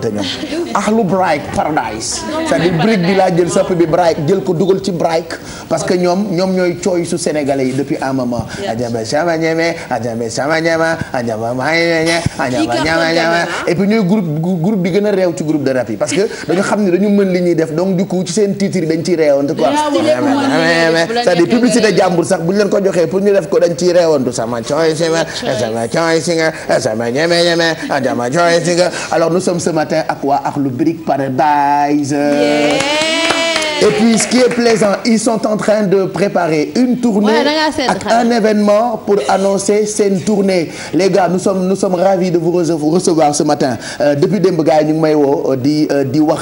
xamante ñoom ahlu brick paradise c'est-à-dire brick bi laa jël sapp bi brick jël ko dugal ci brick parce que ñoom ñoom ñooy cooy su sénégalais yi depuis un moment ajambe sama ñeme a réew ci groupe de rap yi parce que dañu xam ne dañu mën li ñuy def donc du coup ci seen titre yi dañ ciy réewantu quoi c'est-à-dire publicité jàmbur sax matin ak waa Akhlou Brick Paradise et puis ce qui est plaisant ils sont en train de préparer une tournée ak un événement pour annoncer seen tournée les gars nous sommes nous sommes ravis de vous recevoir ce matin euh, depuis démb gars ñu may woo euh, di euh, di wax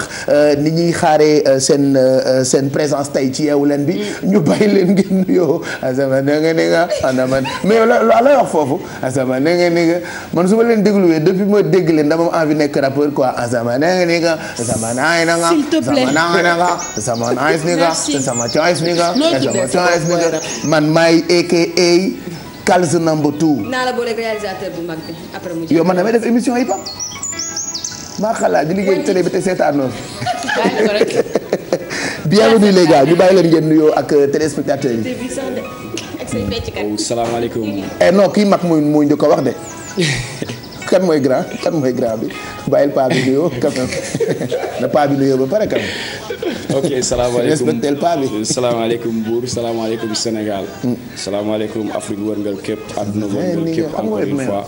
ni ñuy xaaree seen seen présence tey ci Yeewu Leen bi mm. ñu bàyyi leen ngeen nuyoo asama na nga ni nga andaman mais lay wax foofu na nga ni nga man ni nga asama naa nga sama nice nigga te sama choice nigga te sama choice nigga man maay aka Kalza number two. naa la boole réalisateur bu mag bi après mu. yow man damay def émission yi ba. maa xalaat di liggéey télé bi te seetaanoon. bienvenue les gars ñu bàyyi leen ngeen nuyoo ak euh, téléspectateurs yi. Oh, salaamaaleykum. Eh, non kii mag mooy mooy njëkk a wax de. kan mooy grand kan mooy grand bi bàyyil paa bi nuyoo quand même na paa bi nuyoo ba pare quand même. ok salaamaaleykum respecté pas bi. salaamaaleykum Mbour salaamaaleykum Sénégal. Mm. salaamaaleykum Afrique wërngal képp. àdduna wërngal eh, képp encore une fois.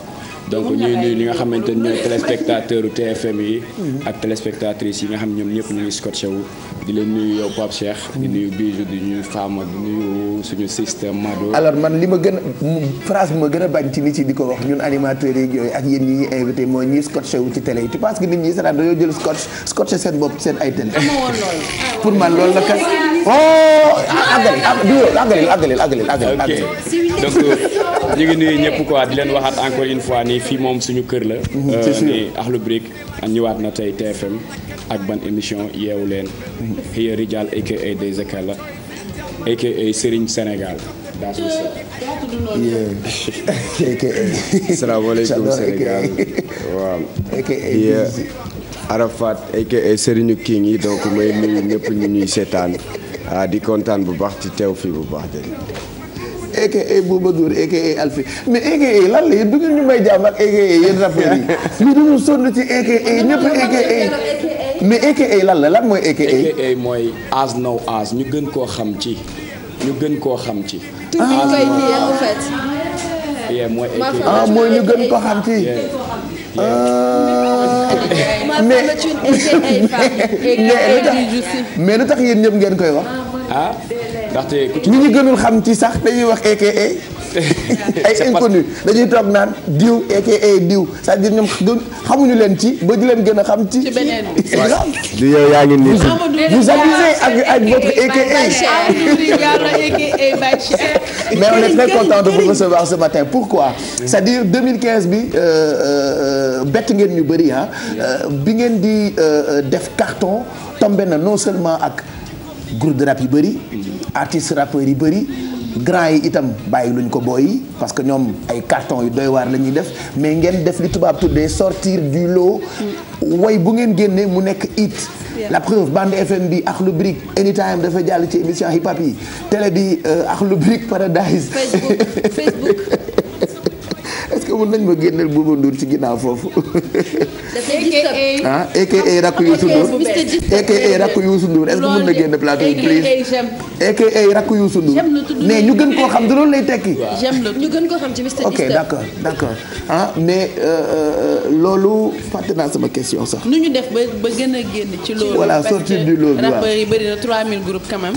donc ñuy nuyu ñi nga xamante ne ñooy téléspectateur TFM yi. Mhm. ak téléspectatrices yi nga xam ñoom ñëpp ñu ngi scotché wu. di leen nuyu yow Pape Cheikh. di mhm. nuyu Bijou suñu système Mado. alors man li ma gën a phrase bi ma gën a bañ ci nit yi di ko wax ñun animateurs yeeg yooyu ak yéen ñi ñuy invité mooy ñiy scotché wu ci télé yi tu penses que nit ñi sax dañoo jël scotch scotché seen bopp seen ay télé. pour man lool la kat. oh ah, àggali àggali àggali àggali àggali àggali. ok donc ñu ngi nuyu ñëpp quoi di ni fii moom suñu kër la. Mhm, euh, ni a Brick ñëwaat na tey TFM ak ban émission yeewu leen. Mhm. Hiya Rijal aka Dèye Kalla aka Serigne Sénégal. sëriñ suñu sën. salaamaaleykum Sénégal waaw. Hiya Arafat aka Serigne King yi donc may nuyu ñëpp ñu ñuy seetaan ah, di kontaan bu baax ci teew fii bu baax de. aka Bouba Ndour aka Alfi mais aka lan la yéen du ngeen ñu may jàmm ak aka yéen rappeurs yi mais dañu sonn ci aka ñëpp aka mais aka lan la lan mooy aka aka mooy as now as ñu gën koo xam ci ñu gën koo xam ci ah mooy gën ko xam ci mais mais lu tax yéen ñëpp ngeen koy wax ndaxte ñi ñu gënul xam ci sax dañuy wax aka ay inconnu dañuy toog naan diw aka diw cest dire ñoom xamuñu leen ci ba di leen gën a xam ci. ci beneen du yow yaa ngi nii. vous abusez avec avec votre aka mais on est très content de vous recevoir ce matin pourquoi cest dire bi euh, euh, bett ngeen ñu bëri ah bi ngeen di def carton tombé na non seulement ak. groupe de rap yi bëri artiste rappeurs yi bëri grand yi itam bàyyi luñ ko booy parce que ñoom ay carton yu doy waar la ñuy def mais ngeen def li tubaab tuddee sortir du lot way bu ngeen génnee mu nekk it la preuve bande FM bi Akhlou Brick anytime dafa jàll ci émission hip hop yi télé bi euh, Akhlou Brick Paradise Facebook Facebook xamul nañ ma génneel Bouba Ndour ci ginnaaw foofu. ah aka ah, rakk Youssou Ndour aka rakk Youssou Ndour est-ce que mën na génn plateau rakk Youssou Ndour mais ñu gën koo xam da loolu lay tekki. ñu gën koo xam ci Mr ok d'accord d'accord ah mais euh, euh, loolu fàtte naa sama question sax. nu ñu def ba ba gën a génn ci loolu. voilà sortir du lot bi waaw rappeurs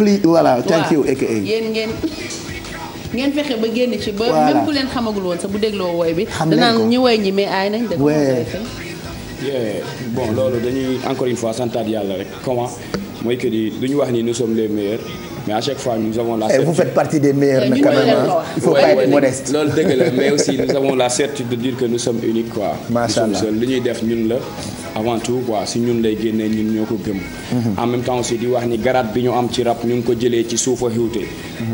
yi thank you aka yéen ngeen. ngeen fexe ba génn ci ba. même ku leen xamagul woon sax bu dégloo woy bi. xam danaan ñu woy ñi mais aay nañ. de bon loolu dañuy encore une fois santaat yàlla rek comment mooy que ni du ñu wax ni nous sommes les meilleurs. mais à chaque fois nous avons la eh, certitude. vous la mais de dire que nous sommes uniques quoi. macha allah ñuy def ñun la avant tout quoi si ñun lay génnee ñun ñoo ko gëm. Mhm. en même temps aussi di wax ni garaat bi ñu am ci rap ñu ngi ko jëlee ci suufa xiwte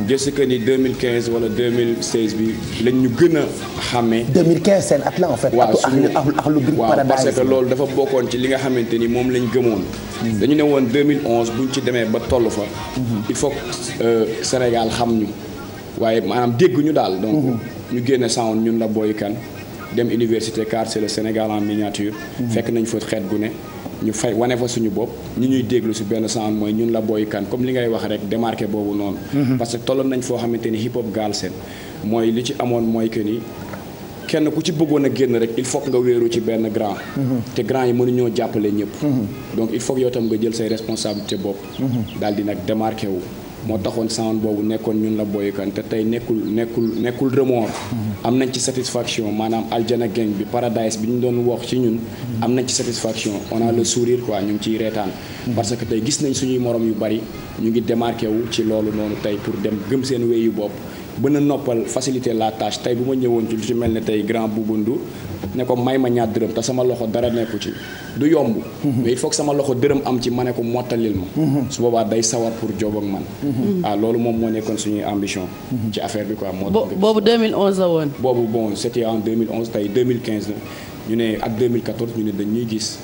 je sais que ni 2015 wala 2016 bi lañ ñu gën a xàmmee. 2015 seen at la en fait. waaw suñu ahlu Brick parce que loolu dafa bokkoon ci li nga xamante ni moom lañ gëmoon. dañu ne woon 2011 buñ ci demee ba tollu fa. il faut euh, Sénégal xam ñu waaye maanaam dégg ñu daal. donc mhm. ñu génne sound ñun la Boy Kane dem université car le Sénégal en miniature. Mhm. fekk nañ fa xeet gu ne. ñu fay wane fa suñu bopp ñu ñuy déglu si benn sens mooy ñun la booy comme li ngay wax rek démarqué boobu noonu. Mhm. parce que tolloon nañ foo xamante ni hip hop gaal seen mooy li ci amoon mooy que ni. kenn ku ci bëggoon a génn rek il faut nga wéeru ci benn grand. Mhm. te grand yi mënuñoo jàppale ñëpp. Mhm. donc il faut yow tam nga jël say responsabilité bopp. daal di nag démarqué wu. moo taxoon sound boobu nekkoon ñun la boyukan te tey nekkul nekkul nekkul remords mm-hmm. am nañ ci satisfaction maanaam aljana gang bi paradise bi ñu doon wax ci ñun mm-hmm. am nañ ci satisfaction on a le mm-hmm. sourire quoi ñu ngi ciy reetaan parce que tey gis nañ suñuy moroom yu bari ñu ngi démarqué wu ci loolu noonu tey pour dem gëm seen wéyu bopp bën a noppal faciliter la tâche tey bu ma ñëwoon ci lu ci mel ne tey grand Boubou Ndour ne ko may ma ñaar dërëm te sama loxo dara nekku ci du yomb mhm. mais il faut que sama loxo dërëm am ci ma ne ko mottalil ma mhm. su boobaa day sawar pour job ak man mhm. ah loolu moom moo nekkoon suñuy ambition ci affaire bi quoi moo boobu 2011 la woon boobu bon c'était en 2011 tey 2015 ñu ne ak 2014 ñu ne dañuy gis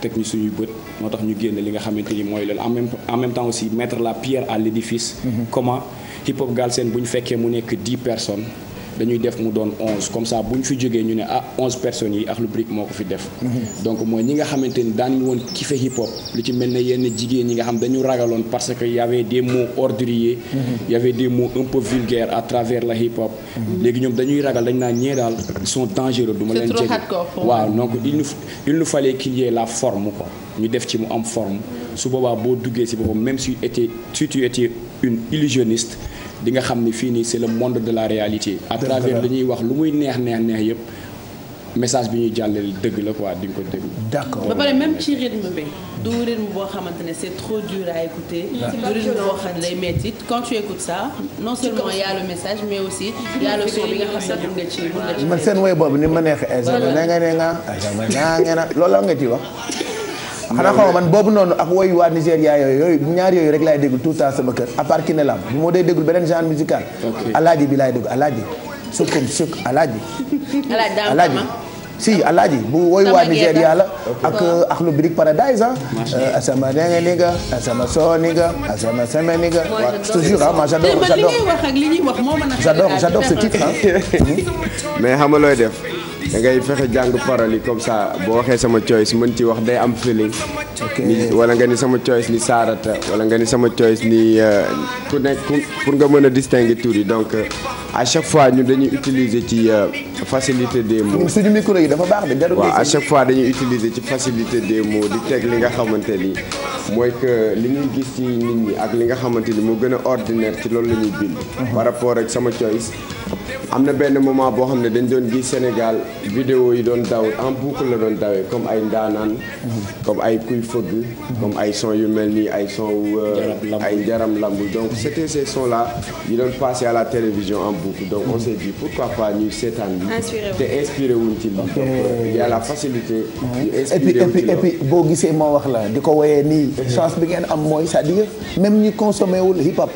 teg ñu suñuy bët moo tax ñu génn li nga xamante ni mooy loolu en même en même temps aussi mettre la pierre à l'édifice comment hip hop Galsen bu ñu fekkee mu nekk dix personnes dañuy def mu doon onze comme ça bu ñu fi jógee ñu ne ah onze personnes yi Akhlou Brick moo ko fi def mhm. donc mooy ñi nga xamante ni daanuñu woon kife hip hop lu ci mel ne yenn jigéen ñi nga xam dañu ragaloon parce que y avait des mots orduriers mhm. y avait des mots un peu à travers la hip hop mhm. léegi ñoom dañuy ragal dañ naa ñee daal sont dangereux duma ma leen jege waaw donc il nous il nous fallait y la forme ko ñu def ci mu am forme su boobaa boo duggee si boppam même si était si une illusionniste di nga xam ni fii nii c'est le monde de la réalité à travers li ñuy wax lu muy neex neex neex yëpp message bi ñuy jàllale dëgg la ko di nga ko déglu. d'accord ba pare même ci rythme bi. du rythme boo xamante ne c'est trop dur à écouter. du rythme boo xam ne métti quand tu écoutes ça. non seulement aussi y a le son bi nga xam ne mun ci mun seen woy boobu ni ma neex. Eh, voilà eh, nga ne nga. loolu la nga ci wax. xanaa xaw man boobu noonu ak woyu waa Nigéria yooyu yooyu ñaar yooyu rek laay déglu tout temps sama kër à part Kiné Lam bu moo dee déglu beneen genre musical alaaji bi laay déglu alaaji sukkum suk alaaji alaaji si alaaji bu woyu waa Nigéria la ak euh, ak lu paradise ah asama denge ni nga asama soo ni nga asama seme ni nga toujours ah ma j'adore j'adore j'adore ce titre ah mais xam nga looy dangay ngay fexe jàng parole yi comme ça boo waxee sama choice mën ci wax day am feeling. ni wala nga ni sama choice ni saarata wala nga ni sama choice ni euh, ku nekk pour nga mën a distinguer tur yi donc euh, à chaque fois ñu dañuy utiliser ci euh, facilité des mots. suñu micro yi dafa baax de jarul waaw à fois dañuy utiliser ci facilité de moo di teg li nga xamante nii mooy que li ñuy gis ci nit ñi ak li nga xamante ni moo gën a ordinaire ci loolu la ñuy bind. Mhm. par rapport ak sama choice. am na benn moment boo xam ne dañ doon gis Sénégal vidéo yi doon daw en boucle la doon dawee comme ay ndaanaan comme ay kuy fëgg comme ay son yu mel nii ay son wu euh, ay njaram lambu donc c'était ces sons là yi doon passé à la télévision en boucle donc on s'est dit pourquoi pas ñuy seetaan lii te inspiré wuñ ci lii euh, y a la facilité et puis et puis et puis boo gisee ma wax la di ko woyee nii chance bi ngeen am mooy c'est-à-dire même ñu consommé wul hip hop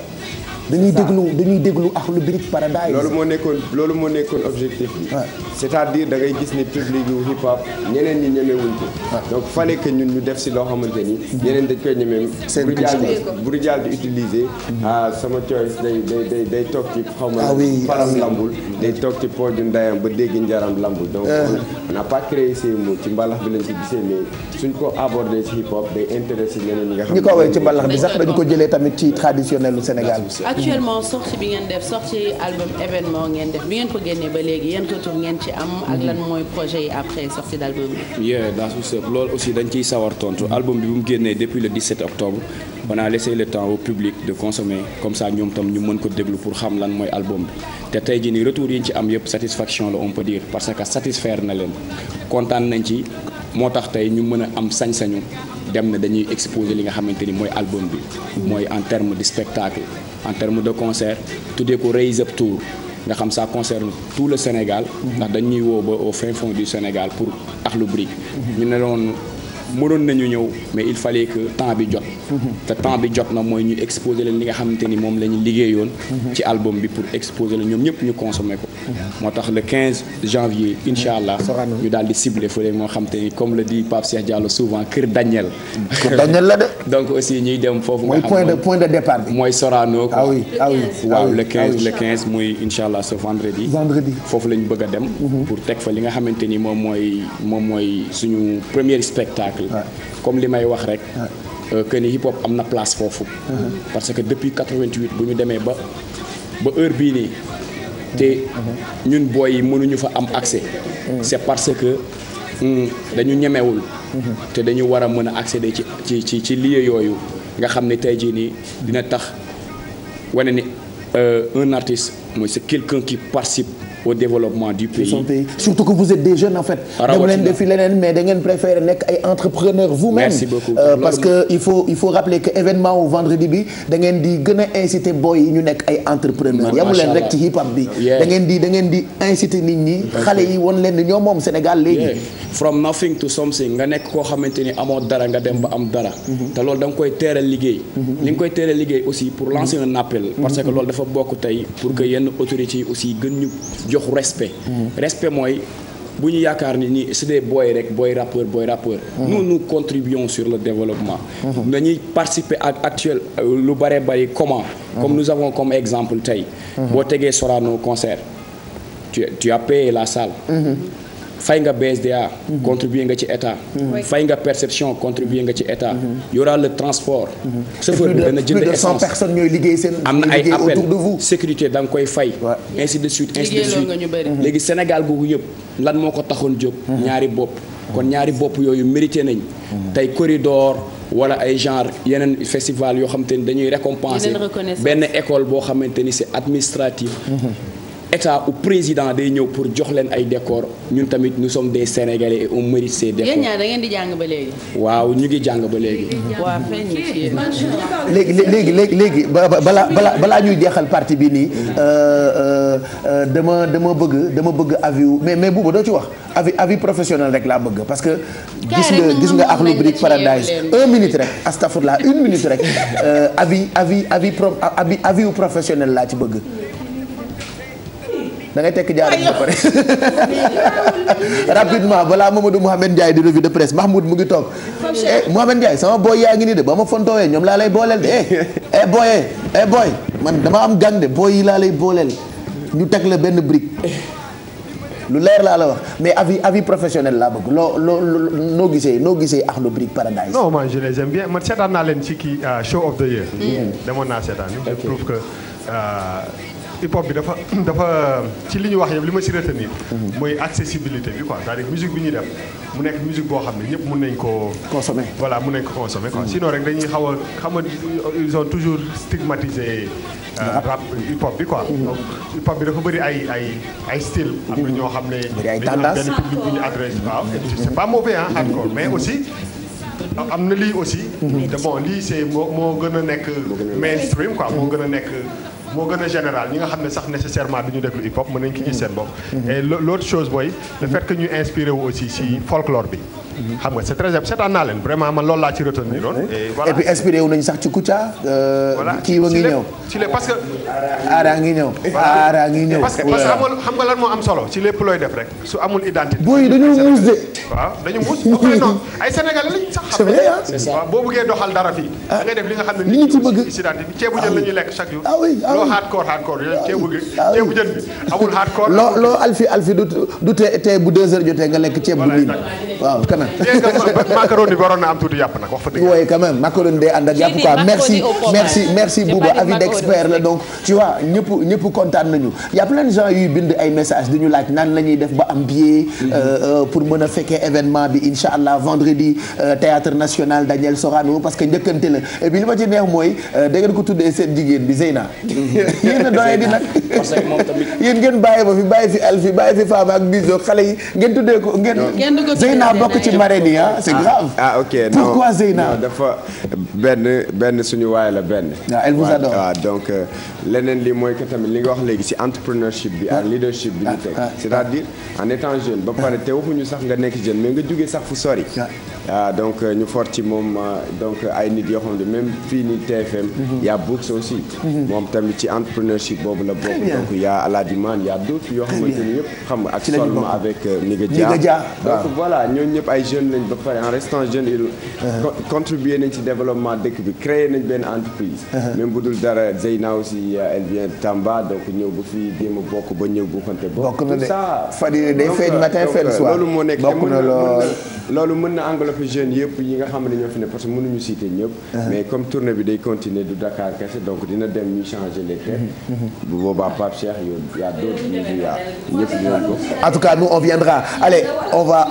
dañuy déglu dañuy déglu Akhlou Brick Paradise. loolu moo nekkoon loolu moo nekkoon objectif bi. c'est-à-dire da ngay gis ne public yu hip hop ñeneen ñi ñemewuñ ko. donc fa que ñun ñu def si loo xamante ni. Mm-hmm. ñeneen dañ koy ñeme. seen bu di utiliser. Mm-hmm. ah sama choice day day day day toog ci xaw ma. param ah ah lambul day toog ci pooju ndayam ba dégg njaram lambul. donc euh. on n'a pas créé mbalax bi lañ gisee mais suñ ko abordé si hip hop day intéressé ñeneen ñi nga xam. ñi ci mbalax bi sax dañ ko jëlee tamit ci traditionnel lu Sénégal bi. actuellement sortie bi ngeen def sortie album événement ngeen def bi ngeen ko génnee ba léegi yéen retour ngeen ci am. ak lan mooy projet yi après sortie d' album bi. yeah daa aussi dañ ciy sawar tontu album bi bu mu génnee depuis le 17 octobre. on a laissé le temps au public de consommer comme ça ñoom tam ñu mën ko déglu pour xam lan mooy album bi te tey ji ni retour yi ñu ci am yëpp satisfaction la on peut dire parce que satisfaire na leen kontaan nañ ci moo tax tey ñu mën a am sañ-sañu dem na dañuy exposer li nga xamante ni mooy album bi. mooy en terme de spectacle. en termes de concert tuddee ko Raise Up Tour nga xam sa concerne tout le Sénégal ndax dañuy woo ba au fin fond du Sénégal pour Akhlou Brick ñu ne loon mënoon nañu ñëw mais il fallait que temps bi jot te temps bi jot na mooy ñu exposer leen li nga xamante ni moom la ñu liggéeyoon ci album bi pour exposer leen ñoom ñëpp ñu consommer ko moo tax le 15 janvier incha allah ñu daal di ciblé fële moo xam te ni comme le dit Pape Cheikh Diallo souvent Kër Daniel Kër donc aussi ñuy dem foofu mooy point de point de départ bi ah ah ah le 15 le 15 muy incha allah ce vendredi la ñu bëgg a dem mhm. pour teg li nga xamante ni moom mooy moom mooy suñu premier spectacle spectacle comme li may wax rek euh, que ni hip hop am na place foofu uh-huh. parce que depuis 88 bu ñu demee ba ba heure bii nii te uh-huh. ñun booy yi mënuñu fa am accès uh-huh. c'est parce que hmm, dañu ñemewul te dañu war a mën a de ci ci ci ci lieu yooyu nga xam ne tey jii nii dina tax wane ni euh, un artiste mooy c'est quelqu'un qui participe au surtout que vous êtes des jeunes en fait. dem leen defi leneen mais da ngeen nekk ay entrepreneur vous-même. Euh, parce que il faut il faut événement au vendredi bi da di gën a boy yi ñu nekk ay entrepreneur yamu rek ci hip hop bi. da di da di inciter nit ñi. xale yi woon leen ni moom Sénégal léegi. from nothing to something nga nekk koo xamante ni amoo dara nga dem ba am dara. Mm-hmm. te loolu da koy teel a liggéey. Mm-hmm. li nga koy teel mm-hmm. a jox mm-hmm. respect. mooy bu ñu yaakaar ni ni c'est des booy rek booy rappeur booy rappeur. Mm-hmm. nous nous contribuons sur le développement. Mm-hmm. ñuy participer ak actuel euh, lu bare bari comment. comme nous avons comme exemple tey. boo tegee Sorano concert tu tu as la salle. fay nga BSDA. contribuer nga ci état. fay nga perception contribuer nga ci état. y aura transport. chauffeur bi dana jënd essence plus ñooy liggéey seen. am na ay appel sécurité da nga koy fay. ainsi de suite ainsi de suite léegi Sénégal googu yëpp lan moo ko taxoon jóg. ñaari bopp kon ñaari bopp yooyu mérité nañ. tey corridor. wala ay genre yeneen festival yoo xamante ni dañuy récompenser benn école boo xamante ni si administratif état ou président day ñëw pour jox leen ay décor ñun tamit nous sommes des sénégalais et on mérite ces décors. ñaar da ngeen di jàng ba léegi. waaw ñu ngi jàng ba léegi. léegi léegi léegi léegi balaa balaa balaa ñuy jeexal parti bi nii euh, euh, euh, dama dama bëgg dama bëgg avis mais mais Bouba doo ci wax avis avis professionnel rek laa bëgg parce que. gis nga gis nga Akhlou Brick Paradise un minute rek astafurlah une minute rek avis avis avis avis professionnel laa ci bëgg. da ngay tekk jaarale ba pare rapidement balaa Mamadou Mouhamed Ndiaye di revue de presse Mahmoud mu ngi toog. eh Mouhamed Ndiaye sama booy yaa ngi nii de ba ma fontowee ñoom laa lay booleel de eh booyee eh booy eh, eh, man dama am gang de booy yi laa lay booleel ñu teg la benn brique. lu leer laa la wax mais avis avis professionnel laa bëgg loo loo noo gisee noo gisee Akhlou Brick Paradise. non ma je seetaan naa leen ci kii euh, show of the year. Hmm. demoon naa seetaan je trouve euh, hip hop bi dafa dafa ci li ñu wax yëpp li ma si retenir. Mhm. mooy accessibilité bi quoi c'est-à-dire bi ñuy dem mu nekk musique boo xam ne ñëpp mun nañ koo. consommer voilà mun nañ ko consommer quoi mhm. sinon rek dañuy xaw xam ils ont toujours stigmatisé. Euh, rap hip bi quoi. Mhm. donc hip hop dafa bëri ay ay ay style. am xam ne. bëri ay tendance benn public bu ñu adressé waaw c'est pas mauvais ah hardcore mais aussi. am na lii aussi. te bon lii c'est moo moo gën a nekk mainstream quoi moo gën a nekk. boo gën a général ñi nga xam ne sax nécessairement du ñu déglu hip hop mën nañ ki gis seen bopp et chose booy le fait que ñu inspiré aussi si folklore bi Mhm. xam nga c' est très seetaan naa leen vraiment man loolu laa ci retenir doon. voilà et puis inspiré wu nañu sax ci Kouthia. Euh, voilà kii wa ngi ñëw. ci lépp ngi ñëw. Aara ngi ñëw. parce xam nga lan moo am solo ci lépp looy def rek su amul identité. waaw dañu muus bu non ay Sénégalais lañ sax xam. c'est vrai dara fii. Ah. da ngay nga xam ne nii ñu ci bëgg. ci identité bi ceebu la ñuy ah lekk chaque jour. ah oui ah oui loo hardcore hardcore ah ceebu ceebu jën bi amul du te tee tee bu deux heures jotee nga lekk ceeb bu waaw kana macaroni bi waroon na am tuuti yàpp nag wax fa dëgg. oui quand même macaroni day ànd ak yàpp quoi merci merci merci avis d'expert la donc tu vois ñëpp ñëpp kontaan nañu y a plein de gens yuy bind ay messages di ñu laaj nan la ñuy def ba am billet mhm. euh, euh, pour mën a fekkee événement bi incha allah vendredi euh, théâtre national Daniel Sorano parce que njëkkante la et puis li ma ci neex mooy da ngeen ko tuddee seen jigéen bi Zeyna. Mhm. yéen a doyee nag parce ngeen bàyyi ba fi bàyyi fi Alfi bàyyi fi Fama ak Biso xale yi ngeen tuddee ko les marraines ah c'est grave. ah, ah ok non dafa benn benn suñu waay la benn. waaw ah, elle vous ah, donc euh, leneen li mooy que tamit li nga wax léegi ci entrepreneurship bi ak leadership bi ñu teg c'est-à-dire en étant jeune ba pare te waxuñu sax nga nekk jeune mais nga jógee sax fu sori. ah donc euh, ñu fort ci moom euh, donc ay nit yoo xam ne même fii nii TFM. Mhm. y a Books mhm. moom tamit ci entrepreneurship boobu la bokk. donc y a à la demande yoo xamante ni yëpp xam nga ak. ci la ñu bokk ak Solma voilà jeune lañ ba pare en restant jeune il uh-huh. contribuer nañ ci développement dëkk bi créer nañ benn entreprise uh-huh. même bu dul dara Zeyna aussi euh, elle vient de Tamba donc ñëw ba fi démb bokk ba ñëw buuxante bokk tout ça Fadi day feeñ euh, matin feeñ euh, soir loolu moo nekk bokk na lool loolu mën na englober jeunes yëpp yi nga xam ne ñoo fi ne parce que mënuñu citer ñëpp uh-huh. mais comme tournée bi day continuer du Dakar kese donc dina dem ñu changer les têtes bu boobaa Pape Cheikh yow y a d'autres ñëpp ñëpp en tout cas nous on viendra allez on va